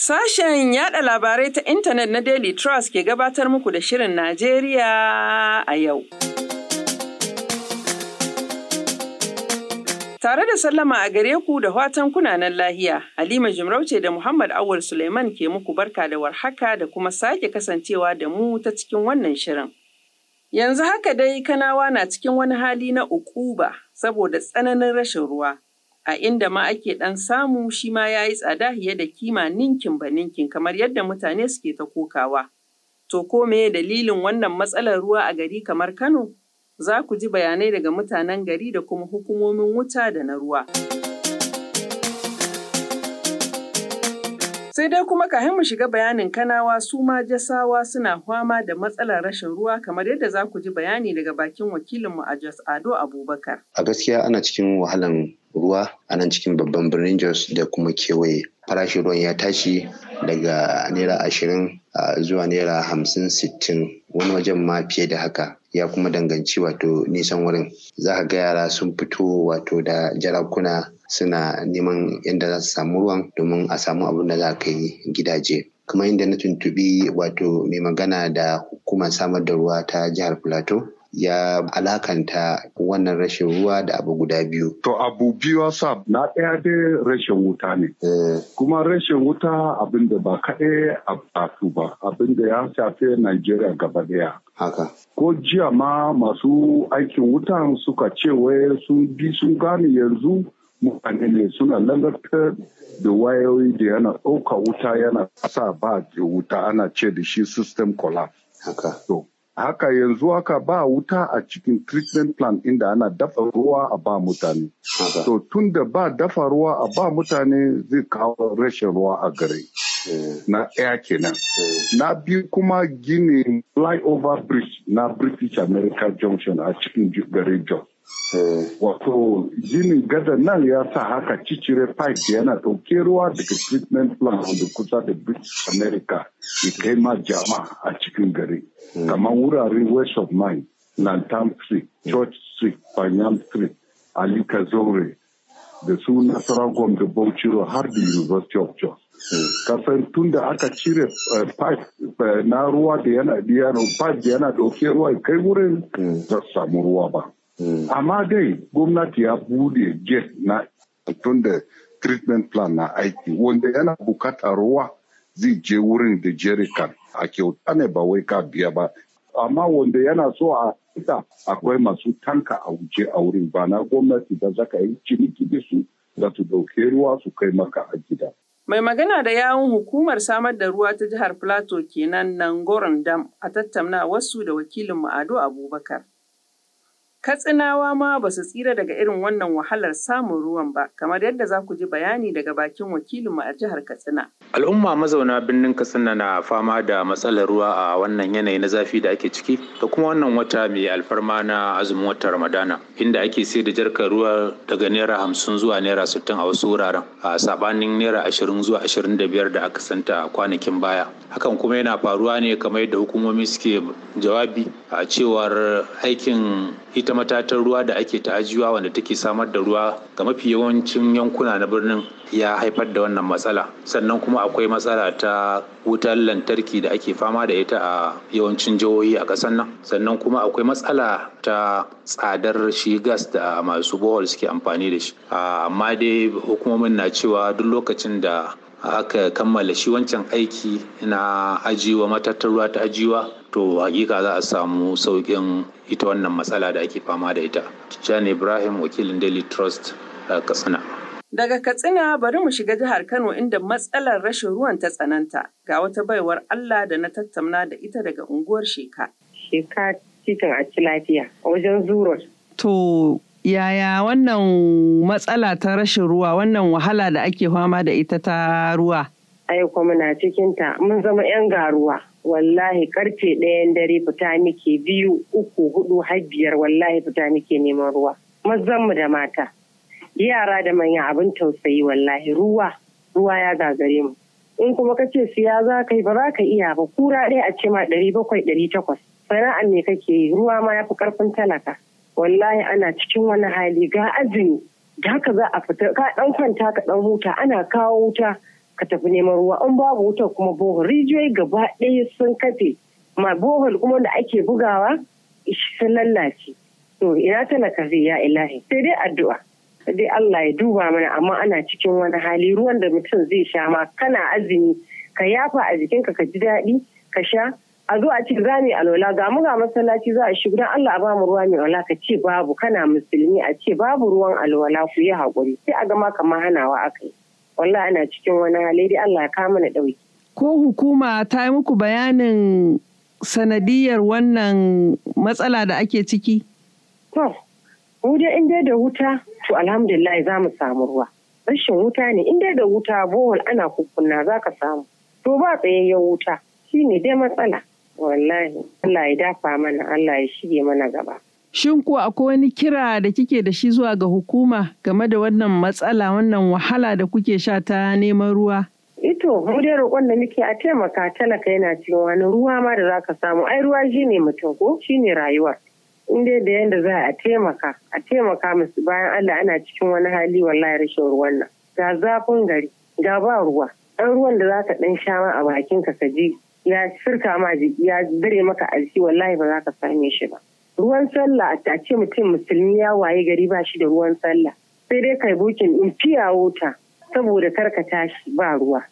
Sashen yada labarai ta intanet na Daily Trust ke gabatar muku da Shirin Najeriya a yau. Tare da sallama a gare ku da watan kunanan lahiya, Halima Jimarauce da Muhammad Awul Suleiman ke muku barka da warhaka da kuma sake kasancewa da mu ta cikin wannan shirin. Yanzu haka dai kanawa na cikin wani hali na ukuba saboda tsananin rashin ruwa. a inda ma ake ɗan samu shi ma ya yi tsada fiye da kima ninkin ba ninkin kamar yadda mutane suke ta kokawa. To ko meye dalilin wannan matsalar ruwa a gari kamar Kano? Za ku ji bayanai daga mutanen gari da kuma hukumomin wuta da na ruwa. Sai dai kuma kafin mu shiga bayanin kanawa su ma jasawa suna fama da matsalar rashin ruwa kamar yadda za ku ji bayani daga bakin wakilinmu a Jos Ado Abubakar. A gaskiya ana cikin wahalan ruwa a nan cikin babban birnin Jos da kuma kewaye. Farashin ruwan ya tashi daga naira ashirin zuwa naira hamsin sittin wani wajen ma fiye da haka ya kuma danganci wato nisan wurin. Za ka ga yara sun fito wato da jarakuna suna neman inda za su samu ruwan domin a samu abin da za ka yi gidaje. Kuma inda na tuntubi wato mai magana da hukumar samar da ruwa ta jihar Plateau ya alakanta wannan rashin ruwa da abu guda biyu. To abu biyu sa na ɗaya dai rashin wuta ne. Eh. Kuma rashin wuta abin da ba kaɗai a batu ba abin da ya shafe Najeriya gaba ɗaya. Haka. Ko jiya ma masu aikin wuta suka ce wai sun bi sun gane yanzu mutane ne suna lalatar da wayoyi da yana ɗauka wuta yana sa ba wuta ana ce da shi system collapse. Haka. To, haka yanzu haka ba wuta a cikin treatment plant inda ana dafa ruwa a ba mutane to tun da ba dafa ruwa a ba mutane zai kawo rashin ruwa a gare eh. na ɗaya kenan eh. na biyu kuma gini flyover bridge na british america junction a cikin garin jos Eh, wato jinin gada nan ya sa haka cicire pipe yana dauke ruwa daga treatment plant da kusa da British America ya kai ma jama a cikin gari. Hmm. Kamar wurare West of Mine, lantan Street, hmm. Church Street, Panyam Street, Ali Kazore, da su Nasaragom da Bauchi har da University of Jos. Hmm. Kasan tun da aka cire eh, pipe eh, na ruwa da yana dauke ruwa kai wurin da samu ruwa ba. Hmm. Amma dai gwamnati ya bude gate na tun da treatment plan na aiki wanda yana bukatar ruwa zai je wurin da jerikan a kyauta ne ba wai ka biya ba. Amma wanda yana so a ita akwai masu tanka a wuce a wurin ba na gwamnati da zaka yi ciniki da su za su dauke ruwa su kai maka a gida. Mai magana da yawun hukumar samar da ruwa ta jihar Plateau kenan nan Dam a tattauna wasu da wakilin Ado Abubakar. Katsinawa ma ba su tsira daga irin wannan wahalar samun ruwan ba, kamar yadda za ku ji bayani daga bakin wakilinmu a jihar Katsina. Al'umma mazauna birnin Katsina na fama da matsalar ruwa a wannan yanayi na zafi da ake ciki, da kuma wannan wata mai alfarma na azumin wata Ramadana, inda ake sai da jarkar ruwa daga naira hamsin zuwa naira sittin a wasu wuraren, a sabanin naira ashirin zuwa ashirin da biyar da aka santa kwanakin baya. Hakan kuma yana faruwa ne kamar yadda hukumomi suke jawabi a cewar aikin ita ita matatan ruwa da ake ta'ajiyuwa wanda take samar da ruwa ga mafi yawancin yankuna na birnin ya haifar da wannan matsala sannan kuma akwai matsala ta wutar lantarki da ake fama da ita a yawancin jihohi a ƙasar nan sannan kuma akwai matsala ta tsadar shi gas da masu bohol suke amfani da shi ah, amma dai hukumomin na cewa duk lokacin da aka kammala shi wancan aiki na ajiwa matattar ruwa ta ajiwa to hakika za a samu sauƙin ita wannan matsala da ake fama da ita. Jan Ibrahim wakilin Daily Trust Katsina. Daga Katsina bari mu shiga jihar Kano inda matsalar rashin ruwan ta tsananta ga wata baiwar Allah da na tattauna da ita daga unguwar Sheka. Sheka titin a ci lafiya wajen Zuro. To Yaya wannan matsala ta rashin ruwa wannan wahala da ake fama da ita ta ruwa? Ai kuma muna cikinta mun zama 'yan garuwa. Wallahi karfe ɗayan dare fita muke biyu uku hudu har biyar wallahi fita muke neman ruwa. Mazanmu da mata. Yara da manya abin tausayi wallahi ruwa ruwa ya gagare mu. In kuma ka ce siya za ka yi ba za ka iya ba kura ɗaya a ce ma ɗari bakwai ɗari takwas. Sana'ar me kake yi ruwa ma ya fi ƙarfin talaka. wallahi ana cikin wani hali ga azumi da haka za a fita ka dan kwanta ka dan huta ana kawo wuta ka tafi neman ruwa an babu wuta kuma bohol rijiyoyi gaba ɗaya sun kafe ma bohol kuma da ake bugawa sun lallace to ina tana kafe ya ilahi sai dai addu'a sai dai Allah ya duba mana amma ana cikin wani hali ruwan da mutum zai sha ma kana azumi ka yafa a jikinka ka ji daɗi ka sha a zo a ce za mu alwala ga mu ga masallaci za a shi gudan Allah a ba mu ruwa mai alwala ka ce babu kana musulmi a ce babu ruwan alwala ku yi haƙuri, sai a gama kamar hanawa yi. wallahi ana cikin wani hali dai Allah ya kama na dauki ko hukuma ta yi muku bayanin sanadiyar wannan matsala da ake ciki to mu dai in dai da wuta to alhamdulillah za mu samu ruwa rashin wuta ne in dai da wuta bohol ana kukunna za ka samu to ba tsayayyen wuta shine dai matsala Wallahi, Allah ya dafa mana, Allah ya shige mana gaba. Shin ko akwai wani kira da kike da shi zuwa ga hukuma game da wannan matsala wannan wahala da kuke sha ta neman ruwa? Ito, eh mu dai roƙon da muke a taimaka talaka yana cikin wani ruwa ma da za ka samu. Ai ruwa shi ne mutum ko shi ne rayuwar. In dai da yanda za a taimaka, a taimaka musu bayan Allah ana cikin wani hali wallahi rashin ruwan nan. Ga zafin gari, ga ba ruwa. Ɗan ruwan da za ka ɗan sha ma a bakinka ka ji ya sirka ma jiki ya dare maka alki wallahi ba za ka same shi ba ruwan sallah a ce mutum musulmi ya waye gari ba shi da ruwan sallah sai dai kai bukin in fiya wuta saboda kar ka tashi ba ruwa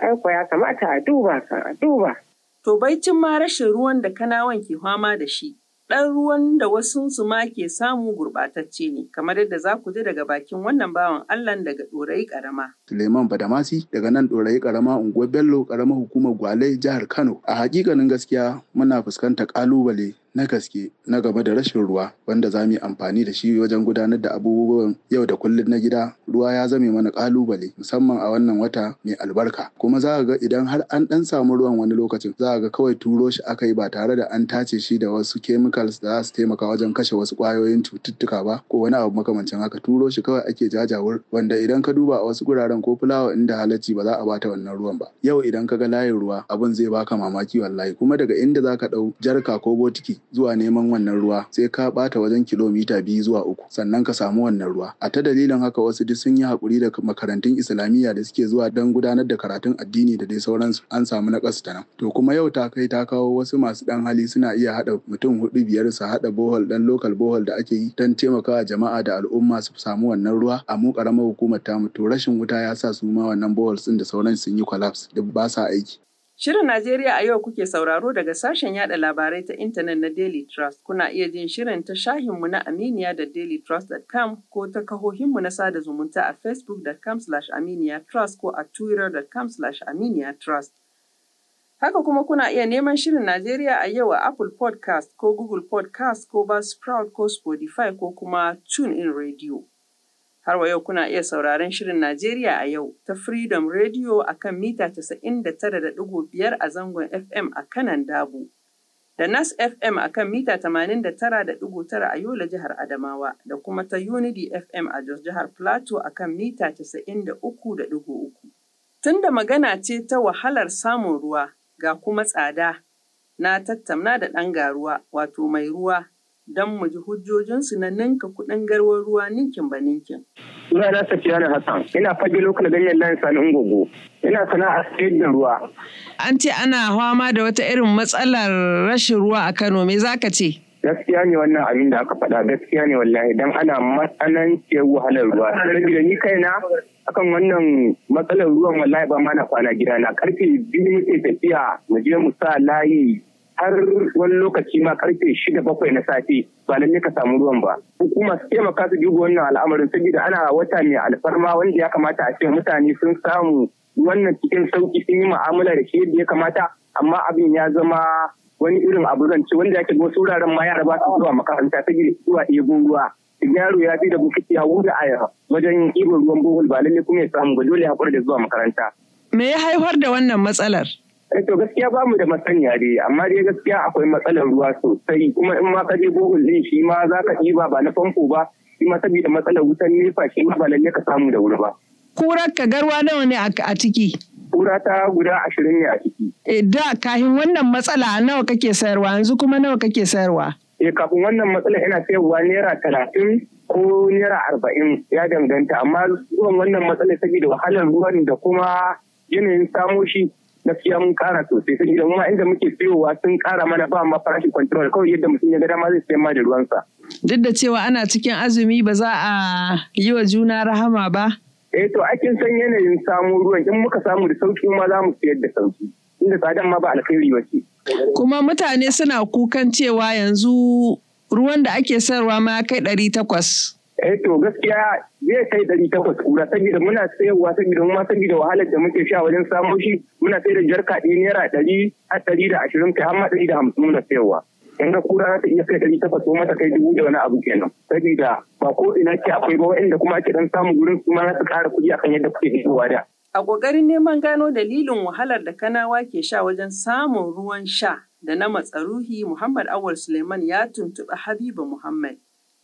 aiko ya kamata a duba ka a duba to baicin ma rashin ruwan da kanawan ke fama da shi ɗan ruwan da wasu su ma ke samu gurɓatacce ne kamar yadda za ku ji daga bakin wannan bawan Allah daga ɗorayi ƙarama Suleiman Badamasi daga nan ɗorayi karama unguwar Bello karamar hukumar Gwale jihar Kano. A hakikanin gaskiya muna fuskantar kalubale na gaske na gaba da rashin ruwa wanda za mu yi amfani da shi wajen gudanar da abubuwan yau da kullum na gida ruwa ya zame mana kalubale musamman a wannan wata mai albarka kuma za ga idan har an ɗan samu ruwan wani lokacin za ga kawai turo shi aka yi ba tare da an tace shi da wasu chemicals da za su taimaka wajen kashe wasu kwayoyin cututtuka ba ko wani abu makamancin haka turo shi kawai ake jajawur wanda idan ka duba a wasu guraren ko fulawa inda halacci ba za a bata wannan ruwan ba yau idan ka ga layin ruwa abin zai baka mamaki wallahi kuma daga inda zaka dau jarka ko botiki zuwa neman wannan ruwa sai ka bata wajen kilomita biyu zuwa uku sannan ka samu wannan ruwa a ta dalilin haka wasu duk sun yi hakuri da makarantun islamiyya da suke zuwa don gudanar da karatun addini da dai sauransu an samu na ƙasa nan to kuma yau ta kai ta kawo wasu masu dan hali suna iya haɗa mutum hudu biyar su haɗa bohol dan lokal bohol da ake yi don taimakawa jama'a da al'umma su samu wannan ruwa a mu ƙaramar hukumar tamu to rashin wuta ya ya sa su ma wannan bowls din da sauran sun yi collapse duk ba sa aiki. Shirin Najeriya a yau kuke sauraro daga sashen yada labarai ta intanet na Daily Trust. Kuna iya jin shirin ta shahinmu na Aminiya da dailytrust.com ko ta kahohinmu na sada zumunta a facebookcom aminiyatrust ko a twittercom aminiyatrust. Haka kuma kuna iya neman shirin Najeriya a yau a Apple Podcast ko Google Podcast ko Buzzsprout ko Spotify ko kuma TuneIn Radio. Har wa yau kuna iya sauraron Shirin Najeriya a yau ta Freedom Radio a kan mita 99.5 a zangon FM a kanan Dabu. Da Nas FM a kan mita 89.9 a Yola jihar Adamawa da kuma ta Unity FM a Jos jihar Plateau a kan mita 93.3. Tunda magana ce ta wahalar samun ruwa ga kuma tsada na tattauna da ɗan garuwa wato mai ruwa don mu ji hujjojinsu na ninka kuɗin garwar ruwa ninkin ba ninkin. Ina na Safiyanu Hassan, ina fage lokacin ganyen layin sanin gogo, ina sana'a sayar da ruwa. An ce ana fama da wata irin matsalar rashin ruwa a Kano, me za ka ce? Gaskiya ne wannan abin da aka faɗa gaskiya ne wallahi don ana matsananciyar wahalar ruwa. Saboda ni kaina akan wannan matsalar ruwan wallahi ba na kwana gida na karfe biyu muke tafiya mu je mu sa layi har wani lokaci ma karfe shida bakwai na safe ba nan ne ka samu ruwan ba hukuma su taimaka su duba wannan al'amarin saboda ana wata mai alfarma wanda ya kamata a ce mutane sun samu wannan cikin sauki sun yi mu'amala da shi yadda ya kamata amma abin ya zama wani irin abu zan zance wanda yake ga wasu wuraren ma yara ba su zuwa makaranta ta gida zuwa ɗebo ruwa yaro ya fi da bukiti ya wuce a wajen ɗiban ruwan bohol ba lalle kuma ya samu ba dole ya da zuwa makaranta. Me ya haifar da wannan matsalar? Eh to gaskiya ba mu da masaniya dai amma dai gaskiya akwai matsalar ruwa sosai kuma in ma ka je bohol din shi ma za ka ɗiba ba na famfo ba shi ma saboda matsalar wutan nefa shi ma ba lalle ka samu da wuri ba. Kura ka garwa nawa ne a ciki? Kura ta guda ashirin ne a ciki. Eh da kafin wannan matsala nawa kake sayarwa yanzu kuma nawa kake sayarwa? Eh kafin wannan matsala ina sayarwa naira talatin ko naira arba'in ya danganta amma zuwan wannan matsalar saboda wahalar ruwan da kuma yanayin samo shi gaskiya mun kara sosai sun idan mu inda muke siyowa sun kara mana ba ma farashin control kawai yadda mutum ya ga dama zai sayan ma da ruwansa. Duk da cewa ana cikin azumi ba za a yi wa juna rahama ba. Eh to akin san yanayin samu ruwan in muka samu da sauki ma za mu sayar da sauki inda tsadan ma ba alkhairi ba ce. Kuma mutane suna kukan cewa yanzu ruwan da ake sayarwa ma kai ɗari takwas. eh to gaskiya zai kai ɗari takwas kura saboda muna tsayawa saboda mu ma saboda wahalar da muke sha wajen samo shi muna sayar da jarka ɗaya naira ɗari har ɗari da ashirin kai har ma ɗari da hamsin muna tsayawa in ga kura za ta iya kai ɗari takwas ko mata kai dubu da wani abu kenan saboda ba ko ina ce akwai ba waɗanda kuma ake ɗan samun gurin su ma za su ƙara kuɗi akan yadda kuke fitowa da. A ƙoƙarin neman gano dalilin wahalar da kanawa ke sha wajen samun ruwan sha da na matsaruhi Muhammad Awal Suleiman ya tuntuɓi Habiba Muhammad.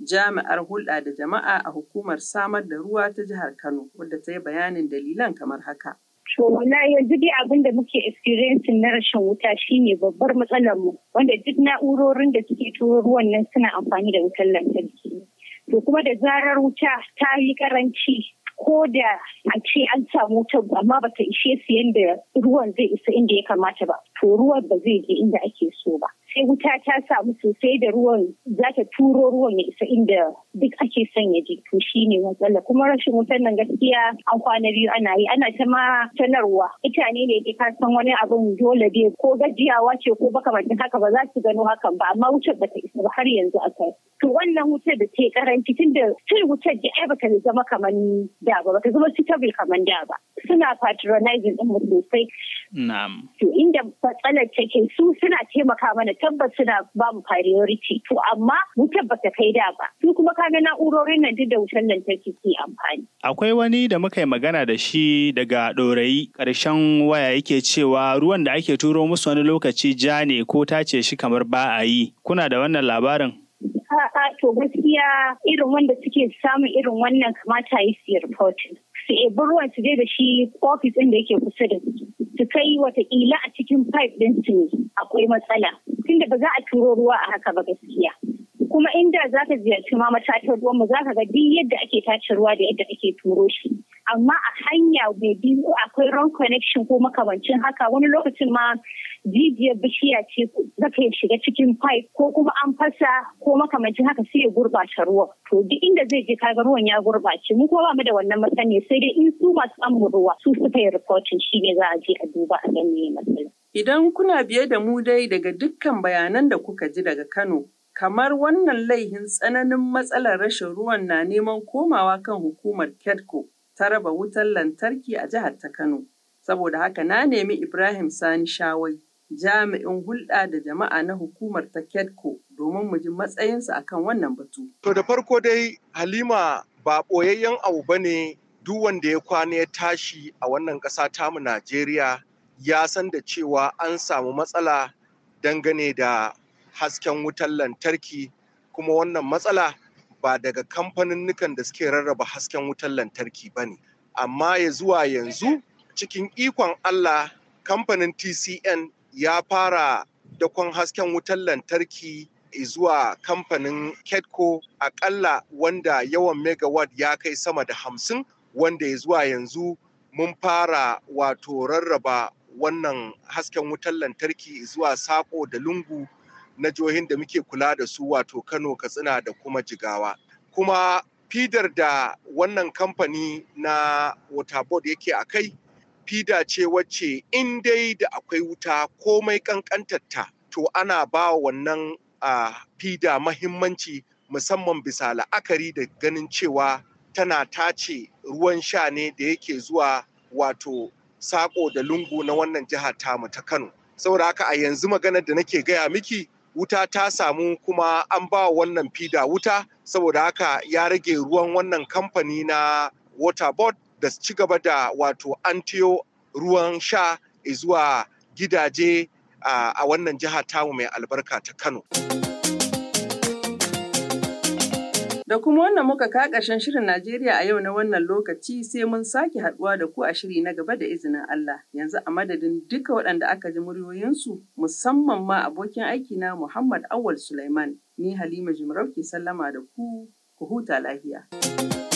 jami'ar hulɗa da jama'a a hukumar samar da ruwa ta jihar Kano wadda ta yi bayanin dalilan kamar haka. To wallahi yanzu dai abin da muke experiencing na rashin wuta shine babbar matsalar mu wanda duk na'urorin da suke turo ruwan nan suna amfani da wutar lantarki. To kuma da zarar wuta ta yi karanci ko da a ce an samu wuta amma ba ta ishe su yadda ruwan zai isa inda ya kamata ba. To ruwan ba zai je inda ake so ba. sai wuta ta samu sosai da ruwan za ta turo ruwan ya isa inda duk ake son ya je to shine matsala kuma rashin wutan nan gaskiya an kwana biyu ana yi ana ta ma sanarwa mutane ne ke ka san wani abun dole dai ko gajiyawa ce ko baka makamantin haka ba za su gano hakan ba amma wutar ba ta isa ba har yanzu a kai to wannan wutar da ta karanci tun da sai wutar da ai baka zama kamar da ba baka zama suitable kamar da ba suna patronizing din mu sosai na'am to inda matsalar take su suna taimaka mana tabbas suna bamu priority to amma wutar ba kai da ba su kuma kaga na'urorin nan duk da wutar lantarki ke amfani. Akwai wani da muka yi magana da shi daga ɗorayi Karshen waya yake cewa ruwan da ake turo musu wani lokaci ja ne ko tace shi kamar ba a yi. Kuna da wannan labarin? A'a to gaskiya irin wanda suke samun irin wannan kamata yi su reporting. su ebi ruwan su je da shi ofis ɗin da yake kusa da su su kai watakila a cikin pipe ɗin su ne akwai matsala tunda ba za a turo ruwa a haka ba gaskiya kuma inda za ka ziyarci ma matatar ruwan mu za ka ga duk yadda ake tace ruwa da yadda ake turo shi amma a hanya mai biyu akwai wrong connection ko makamancin haka wani lokacin ma jijiyar bishiya ce za ka shiga cikin pipe ko kuma an fasa ko makamancin haka sai ya gurbace ruwan to duk inda zai je kaga ruwan ya gurbace mu kuma ba da wannan masani sai dai in su masu amma ruwa su suka yi reporting shi ne za a je a duba a gani matsala. Idan kuna biye da mu dai daga dukkan bayanan da kuka ji daga Kano, kamar wannan laihin tsananin matsalar rashin ruwan na neman komawa kan hukumar KEDCO ta raba wutar lantarki a jihar ta Kano. Saboda haka na nemi Ibrahim Sani Shawai, jami'in hulɗa da jama'a na hukumar ta KEDCO domin mu ji matsayinsa a kan wannan batu. To da farko dai Halima ba ɓoyayyen abu ba ne duk wanda ya kwana ya tashi a wannan ƙasa tamu Najeriya ya san da cewa an samu matsala dangane da hasken wutar lantarki kuma wannan matsala ba daga kamfanin da suke rarraba hasken wutar lantarki ba ne amma ya zuwa yanzu cikin ikon allah kamfanin tcn ya fara dakon hasken wutar lantarki zuwa kamfanin ketco akalla wanda yawan megawatt ya kai sama da hamsin wanda ya zuwa yanzu mun fara wato rarraba wannan hasken wutar lantarki zuwa sako da lungu na jihohin da muke kula da su wato Kano, Katsina da kuma Jigawa. Kuma fidar da wannan kamfani na waterboard yake a kai fida ce wacce in dai da akwai wuta komai kankantatta to ana ba wannan fida mahimmanci musamman bisa la'akari da ganin cewa tana tace ruwan sha ne da yake zuwa wato sako da lungu na wannan jihar tamu ta kano saboda haka a yanzu maganar da nake gaya miki wuta ta samu kuma an ba wannan fida wuta saboda haka ya rage ruwan wannan kamfani na waterboard da ci gaba da wato antiyo ruwan sha zuwa gidaje a wannan jiha tamu mai albarka ta kano. Da kuma wannan muka ka ƙarshen shirin Najeriya a yau na wannan lokaci sai mun sake haɗuwa da ku a shiri na gaba da izinin Allah. Yanzu a madadin duka waɗanda aka ji muryoyinsu musamman ma abokin aiki na Muhammad Awal Sulaiman. Ni Halima Jimarau ke sallama da ku, ku huta lafiya.